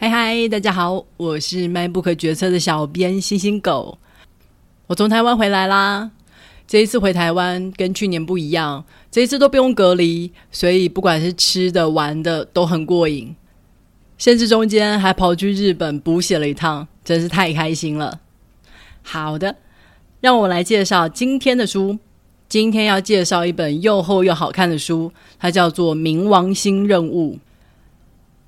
嗨嗨，Hi, Hi, 大家好，我是 MINEBOOK 掘冊的小編星星狗，我從台灣回來啦。這一次回台灣跟去年不一樣，這一次都不用隔離，所以不管是吃的、玩的都很過癮，甚至中間還跑去日本補血了一趟，真是太開心了。好的，讓我來介紹今天的書。今天要介紹一本又厚又好看的書，它叫做《冥王星任務》。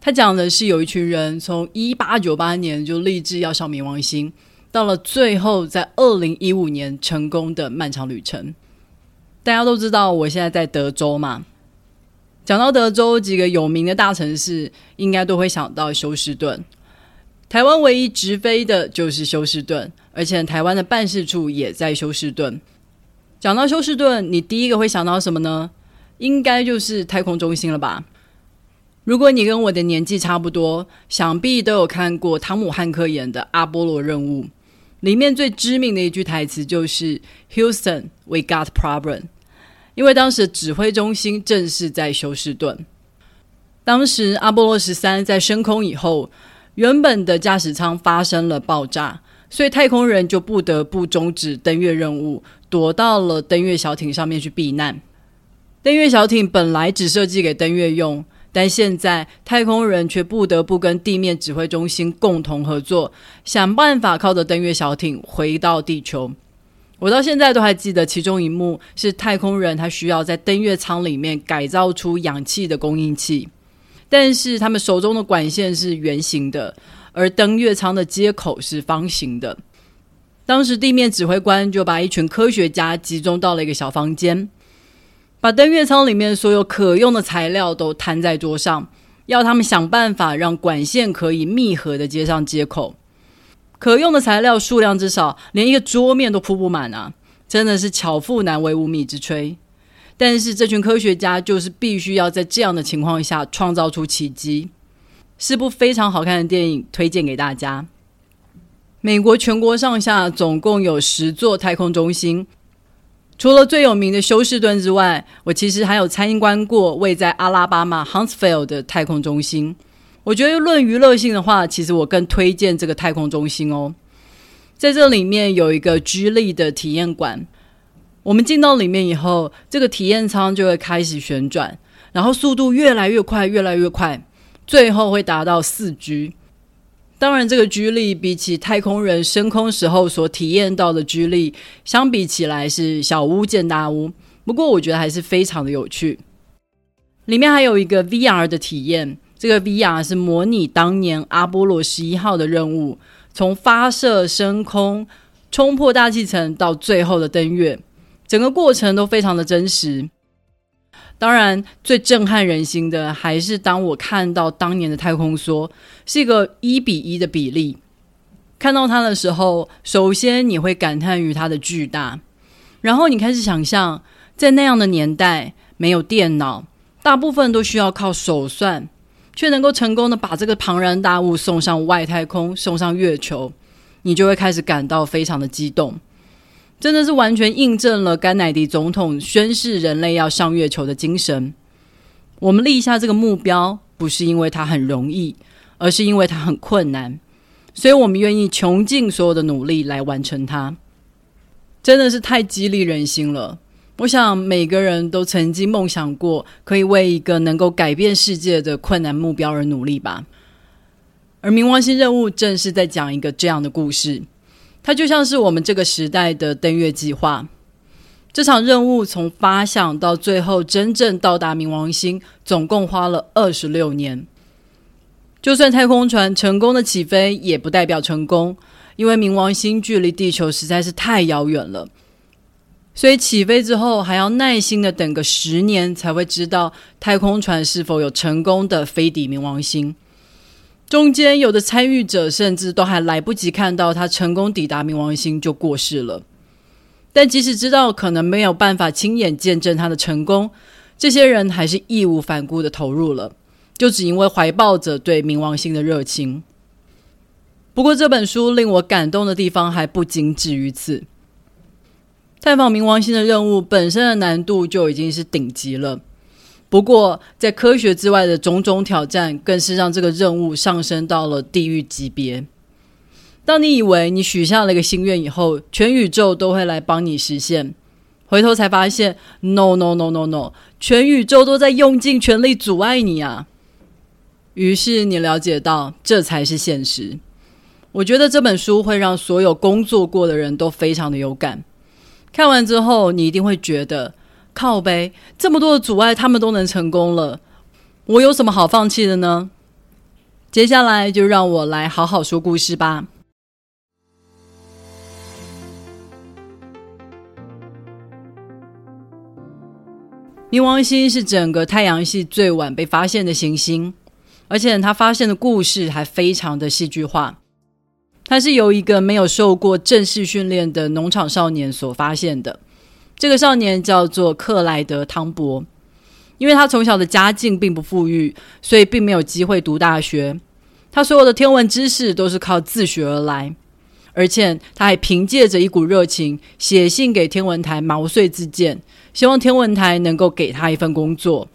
他講的是，有一群人從一八九八年就立志要上冥王星，到了最後在二零一五年成功的漫長旅程。大家都知道，我現在在德州嘛。講到德州幾個有名的大城市，應該都會想到休斯頓。台灣唯一直飛的就是休斯頓，而且台灣的辦事處也在休斯頓。講到休斯頓，你第一個會想到什麼呢？應該就是太空中心了吧。如果你跟我的年紀差不多，想必都有看過湯姆漢克演的《阿波羅任務》。裡面最知名的一句台詞就是 “Houston, we got problem”，因為當時指揮中心正是在休斯頓。當時阿波羅十三在升空以後，原本的駕駛艙發生了爆炸，所以太空人就不得不終止登月任務，躲到了登月小艇上面去避難。登月小艇本來只設計給登月用。但現在，太空人卻不得不跟地面指揮中心共同合作，想辦法靠着登月小艇回到地球。我到現在都還記得其中一幕，是太空人他需要在登月艙裡面改造出氧氣的供應器，但是他們手中的管線是圓形的，而登月艙的接口是方形的。當時地面指揮官就把一群科學家集中到了一個小房間。把登月艙裡面所有可用的材料都攤在桌上，要他們想辦法讓管線可以密合地接上接口。可用的材料數量之少，連一個桌面都鋪不滿啊！真的是巧婦難為無米之炊。但是這群科學家就是必須要在這樣的情況下創造出奇蹟，是部非常好看的電影，推薦給大家。美國全國上下總共有十座太空中心。除了最有名的休士頓之外，我其實還有參觀過位在阿拉巴馬 Huntsville 的太空中心。我覺得論娛樂性的話，其實我更推薦這個太空中心哦。在這裡面有一個 G 力的體驗館，我們進到裡面以後，這個體驗艙就會開始旋轉，然後速度越來越快，越來越快，最後會達到四 G。當然，這個重力比起太空人升空時候所體驗到的重力相比起來是小巫見大巫。不過，我覺得還是非常的有趣。裡面還有一個 VR 的體驗，這個 VR 是模擬當年阿波羅十一號的任務，從發射、升空、衝破大氣層到最後的登月，整個過程都非常的真實。當然，最震撼人心的還是當我看到當年的太空梭，是一個一比一的比例，看到它的時候，首先你會感嘆於它的巨大，然後你開始想象，在那樣的年代，沒有電腦，大部分都需要靠手算，卻能夠成功的把這個龐然大物送上外太空，送上月球，你就會開始感到非常的激動。真的是完全印證了甘乃迪總統宣示人類要上月球的精神。我們立下這個目標，不是因為它很容易，而是因為它很困難，所以我們願意窮盡所有的努力來完成它。真的是太激勵人心了！我想每個人都曾經夢想過，可以為一個能夠改變世界的困難目標而努力吧。而冥王星任務正是在講一個這樣的故事。它就像是我們這個時代的登月計劃，這場任務從發想到最後真正到達冥王星，總共花了二十六年。就算太空船成功的起飛，也不代表成功，因為冥王星距離地球實在是太遙遠了，所以起飛之後還要耐心的等個十年，才會知道太空船是否有成功的飛抵冥王星。中間有的參與者甚至都還來不及看到他成功抵達冥王星就過世了，但即使知道可能沒有辦法親眼見證他的成功，這些人還是義無反顧的投入了，就只因為懷抱着對冥王星的熱情。不過這本書令我感動的地方還不僅止於此。探訪冥王星的任務本身的難度就已經是頂級了。不過，在科學之外的種種挑戰，更是讓這個任務上升到了地獄級別。當你以為你許下了一個心願以後，全宇宙都會來幫你實現，回頭才發現 no, no no no no no，全宇宙都在用盡全力阻礙你啊！於是你了解到，這才是現實。我覺得這本書會讓所有工作過的人都非常的有感，看完之後，你一定會覺得。靠杯！這麼多的阻礙，他們都能成功了，我有什麼好放棄的呢？接下來就讓我來好好說故事吧。冥王星是整個太陽系最晚被發現的行星，而且它發現的故事還非常的戲劇化。它是由一個沒有受過正式訓練的農場少年所發現的。這個少年叫做克萊德·湯博，因為他從小的家境並不富裕，所以並沒有機會讀大學。他所有的天文知識都是靠自學而來，而且他還憑借着一股熱情，寫信給天文台毛遂自薦，希望天文台能夠給他一份工作。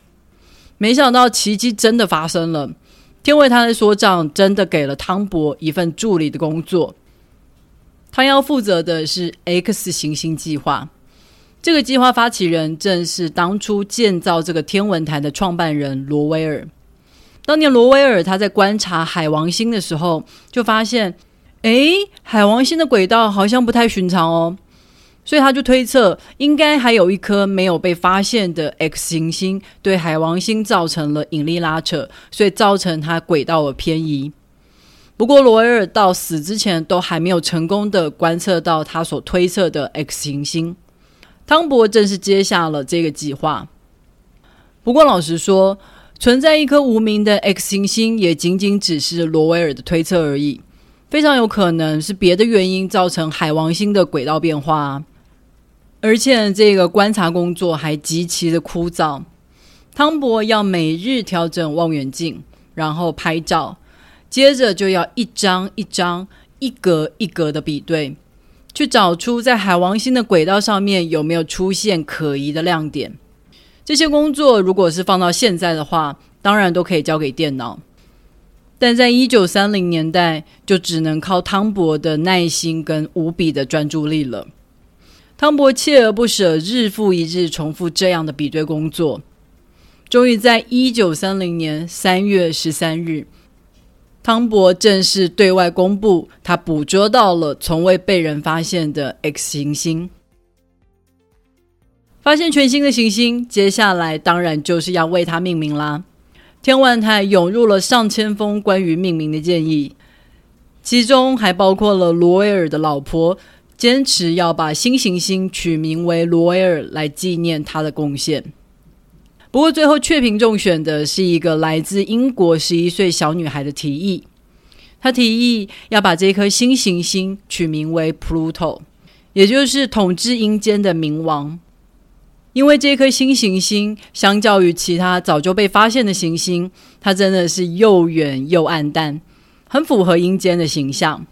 沒想到奇蹟真的發生了，天文台的所長真的給了湯博一份助理的工作。他要負責的是 X 行星計劃。這個計劃發起人正是當初建造這個天文台的創辦人羅威爾。當年羅威爾他在觀察海王星的時候，就發現，誒，海王星的軌道好像不太尋常哦，所以他就推測，應該還有一顆沒有被發現的 X 行星，對海王星造成了引力拉扯，所以造成它軌道的偏移。不過羅威爾到死之前都還沒有成功的觀測到他所推測的 X 行星。湯博正式接下了這個計劃。不過，老實說，存在一顆無名的 X 行星也僅僅只是羅威爾的推測而已。非常有可能是別的原因造成海王星的軌道變化，而且這個觀察工作還極其的枯燥。湯博要每日調整望遠鏡，然後拍照，接着就要一張一張、一格一格的比對。去找出在海王星的軌道上面有沒有出現可疑的亮點。這些工作如果是放到現在的話，當然都可以交給電腦，但在一九三零年代就只能靠湯博的耐心跟無比的專注力了。湯博鍥而不捨，日復一日重複這樣的比對工作，終於在一九三零年三月十三日，湯博正式對外公布，他捕捉到了從未被人發現的 X 行星，發現全新的行星。接下來當然就是要為它命名啦。天文台湧入了上千封關於命名的建議，其中還包括了羅威爾的老婆，堅持要把新行星取名為羅威爾，來紀念他的貢獻。不過，最後雀屏中選的是一個來自英國十一歲小女孩的提議。她提議要把這顆新行星取名為 Pluto，也就是統治陰間的冥王。因為這顆新行星相較於其他早就被發現的行星，它真的是又遠又暗淡，很符合陰間的形象。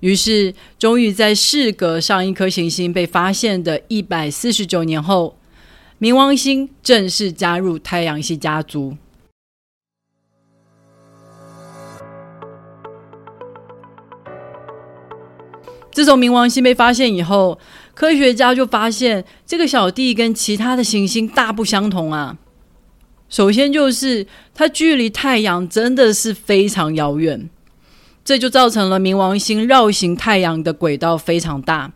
於是，終於在事隔上一顆行星被發現的一百四十九年後。冥王星正式加入太陽系家族。自從冥王星被發現以後，科學家就發現這個小弟跟其他的行星大不相同啊。首先就是它距離太陽真的是非常遙遠，這就造成了冥王星繞行太陽的軌道非常大，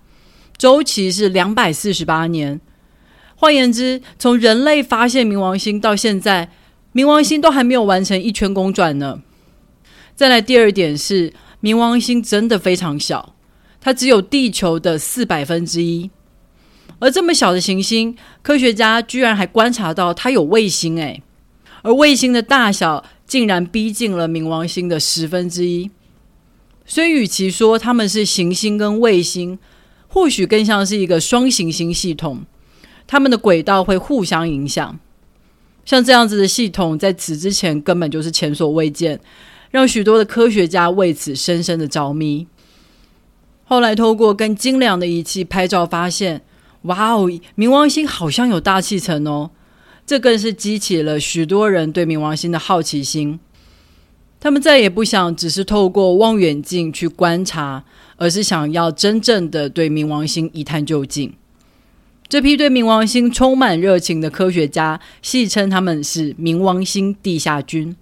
週期是兩百四十八年。換言之，從人類發現冥王星到現在，冥王星都還沒有完成一圈公轉呢。再來第二點是，冥王星真的非常小，它只有地球的四百分之一。而這麼小的行星，科學家居然還觀察到它有衛星、欸，哎，而衛星的大小竟然逼近了冥王星的十分之一。雖與其說他們是行星跟衛星，或許更像是一個雙行星系統。他們的軌道會互相影響，像這樣子的系統，在此之前根本就是前所未見，讓許多的科學家為此深深的着迷。後來，透過更精良的儀器拍照，發現，哇哦，冥王星好像有大氣層哦！這更是激起了許多人對冥王星的好奇心。他們再也不想只是透過望遠鏡去觀察，而是想要真正的對冥王星一探究竟。這批對冥王星充滿熱情的科學家戲稱他們是“冥王星地下軍”。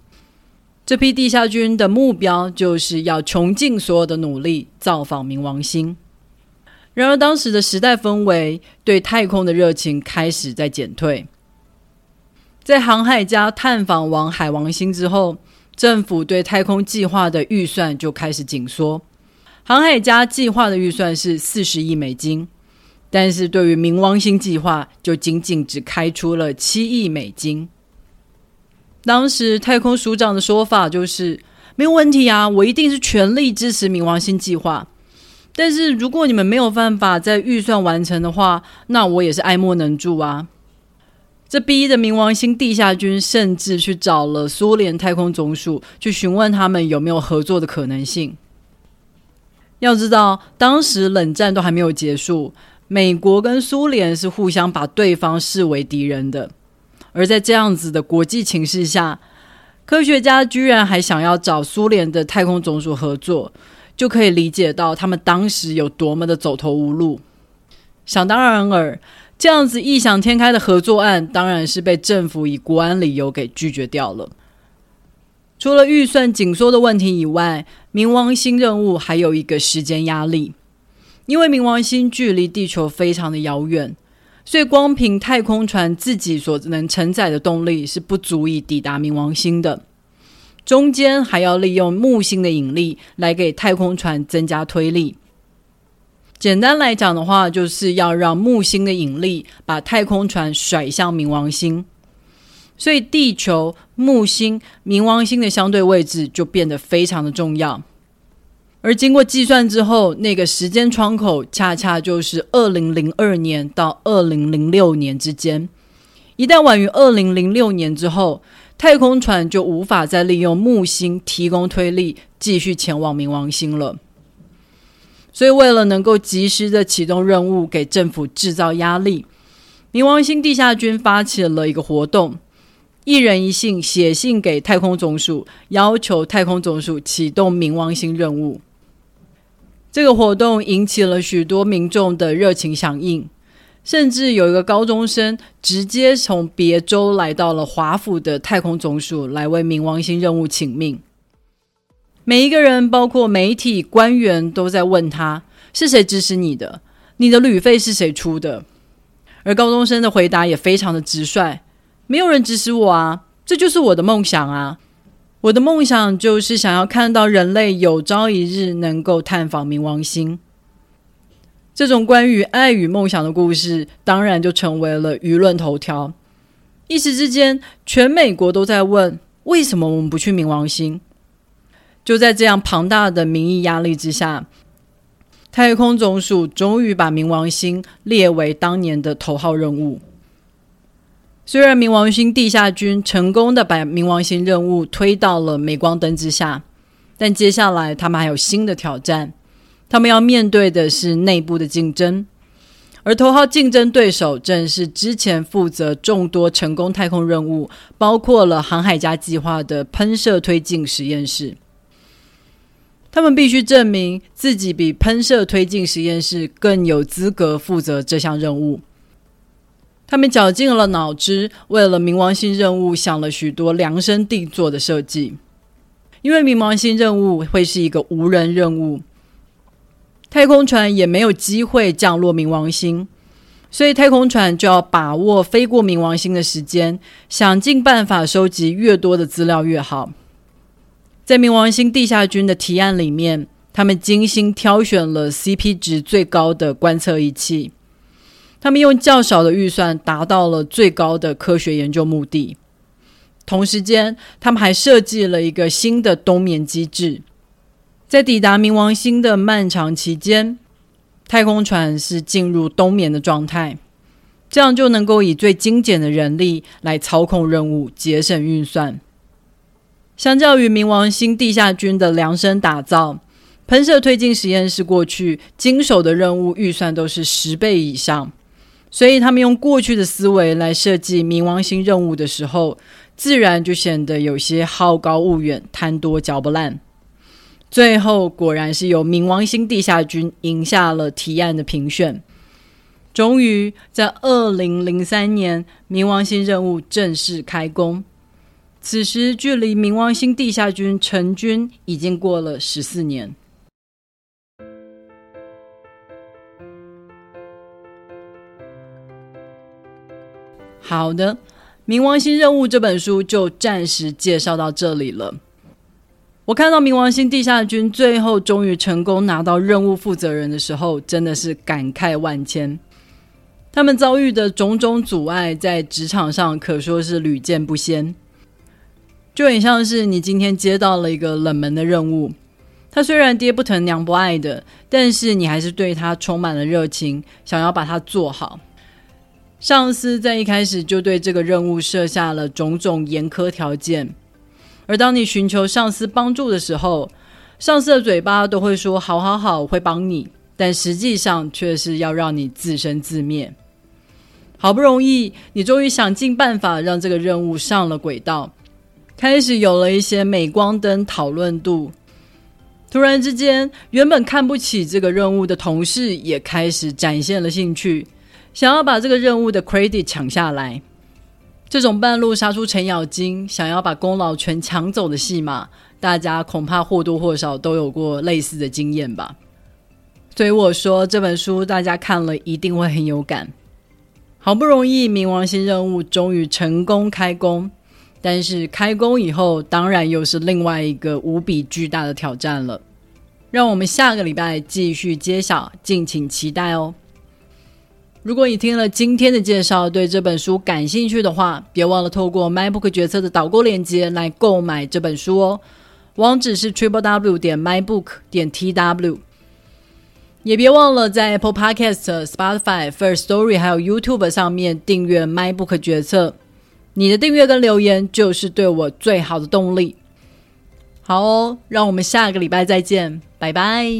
這批地下軍的目標就是要窮盡所有的努力造訪冥王星。然而，當時的時代氛圍對太空的熱情開始在減退。在航海家探訪完海王星之後，政府對太空計劃的預算就開始緊縮。航海家計劃的預算是四十億美金。但是對於冥王星計劃，就僅僅只開出了七億美金。當時太空署長的說法就是沒有問題啊，我一定是全力支持冥王星計劃。但是如果你們沒有辦法在預算完成的話，那我也是愛莫能助啊。這逼得冥王星地下軍甚至去找了蘇聯太空總署，去詢問他們有沒有合作的可能性。要知道，當時冷戰都還沒有結束。美國跟蘇聯是互相把對方視為敵人的，而在這樣子的國際情勢下，科學家居然還想要找蘇聯的太空總署合作，就可以理解到他們當時有多麼的走投無路。想當然爾，這樣子異想天開的合作案，當然是被政府以國安理由給拒絕掉了。除了預算緊縮的問題以外，冥王星任務還有一個時間壓力。因為冥王星距離地球非常的遙遠，所以光憑太空船自己所能承載的動力是不足以抵達冥王星的。中間還要利用木星的引力來給太空船增加推力。簡單來講的話，就是要讓木星的引力把太空船甩向冥王星。所以地球、木星、冥王星的相對位置就變得非常的重要。而經過計算之後，那個時間窗口恰恰就是二零零二年到二零零六年之間。一旦晚於二零零六年之後，太空船就無法再利用木星提供推力，繼續前往冥王星了。所以，為了能夠及時的啟動任務，給政府製造壓力，冥王星地下軍發起了一個活動，一人一信，寫信給太空總署，要求太空總署啟動冥王星任務。這個活動引起了許多民眾的熱情響應，甚至有一個高中生直接從別州來到了華府的太空總署，來為冥王星任務請命。每一個人，包括媒體、官員，都在問他：是誰指使你的？你的旅費是誰出的？而高中生的回答也非常的直率：沒有人指使我啊，這就是我的夢想啊。我的夢想就是想要看到人類有朝一日能夠探訪冥王星。這種關於愛與夢想的故事，當然就成為了輿論頭條。一時之間，全美國都在問：為什麼我們不去冥王星？就在這樣龐大的民意壓力之下，太空總署終於把冥王星列為當年的頭號任務。雖然冥王星地下軍成功地把冥王星任務推到了鎂光燈之下，但接下來他們還有新的挑戰。他們要面對的是內部的競爭，而頭號競爭對手正是之前負責眾多成功太空任務，包括了航海家計劃的噴射推進實驗室。他們必須證明自己比噴射推進實驗室更有資格負責這項任務。他們絞盡了腦汁，為了冥王星任務想了許多量身定做的設計。因為冥王星任務會是一個無人任務，太空船也沒有機會降落冥王星，所以太空船就要把握飛過冥王星的時間，想盡辦法收集越多的資料越好。在冥王星地下軍的提案裡面，他們精心挑選了 CP 值最高的觀測儀器。他們用較少的預算達到了最高的科學研究目的。同時間，他們還設計了一個新的冬眠機制。在抵達冥王星的漫長期間，太空船是進入冬眠的狀態，這樣就能夠以最精簡的人力來操控任務，節省預算。相較於冥王星地下軍的量身打造，噴射推進實驗室過去經手的任務預算都是十倍以上。所以，他們用過去的思維來設計冥王星任務的時候，自然就顯得有些好高騖遠、貪多嚼不爛。最後，果然是由冥王星地下軍贏下了提案的評選。終於，在二零零三年，冥王星任務正式開工。此時，距離冥王星地下軍成軍已經過了十四年。好的，《冥王星任務》這本書就暫時介紹到這裡了。我看到冥王星地下軍最後終於成功拿到任務負責人的時候，真的是感慨萬千。他們遭遇的種種阻礙，在職場上可說是屢見不鮮。就很像是你今天接到了一個冷門的任務，他雖然爹不疼娘不愛的，但是你還是對他充滿了熱情，想要把它做好。上司在一開始就對這個任務設下了種種嚴苛條件，而當你尋求上司幫助的時候，上司的嘴巴都會說“好，好，好，好，我會幫你”，但實際上卻是要讓你自生自滅。好不容易，你終於想盡辦法讓這個任務上了軌道，開始有了一些鎂光燈討論度。突然之間，原本看不起這個任務的同事也開始展現了興趣。想要把這個任務的 credit 搶下來，這種半路殺出程咬金，想要把功勞全搶走的戲碼，大家恐怕或多或少都有過類似的經驗吧。所以我說，這本書大家看了一定會很有感。好不容易冥王星任務終於成功開工，但是開工以後，當然又是另外一個無比巨大的挑戰了。讓我們下個禮拜繼續揭曉，敬請期待哦。如果你聽了今天的介紹，對這本書感興趣的話，別忘了透過 MINEBOOK 掘冊的導購鏈接來購買這本書哦。網址是 triplew 點 minebook 點 tw。也別忘了在 Apple Podcast、Spotify、First Story 還有 YouTube 上面訂閱 MINEBOOK 掘冊。你的訂閱跟留言就是對我最好的動力。好哦，讓我們下個禮拜再見，拜拜。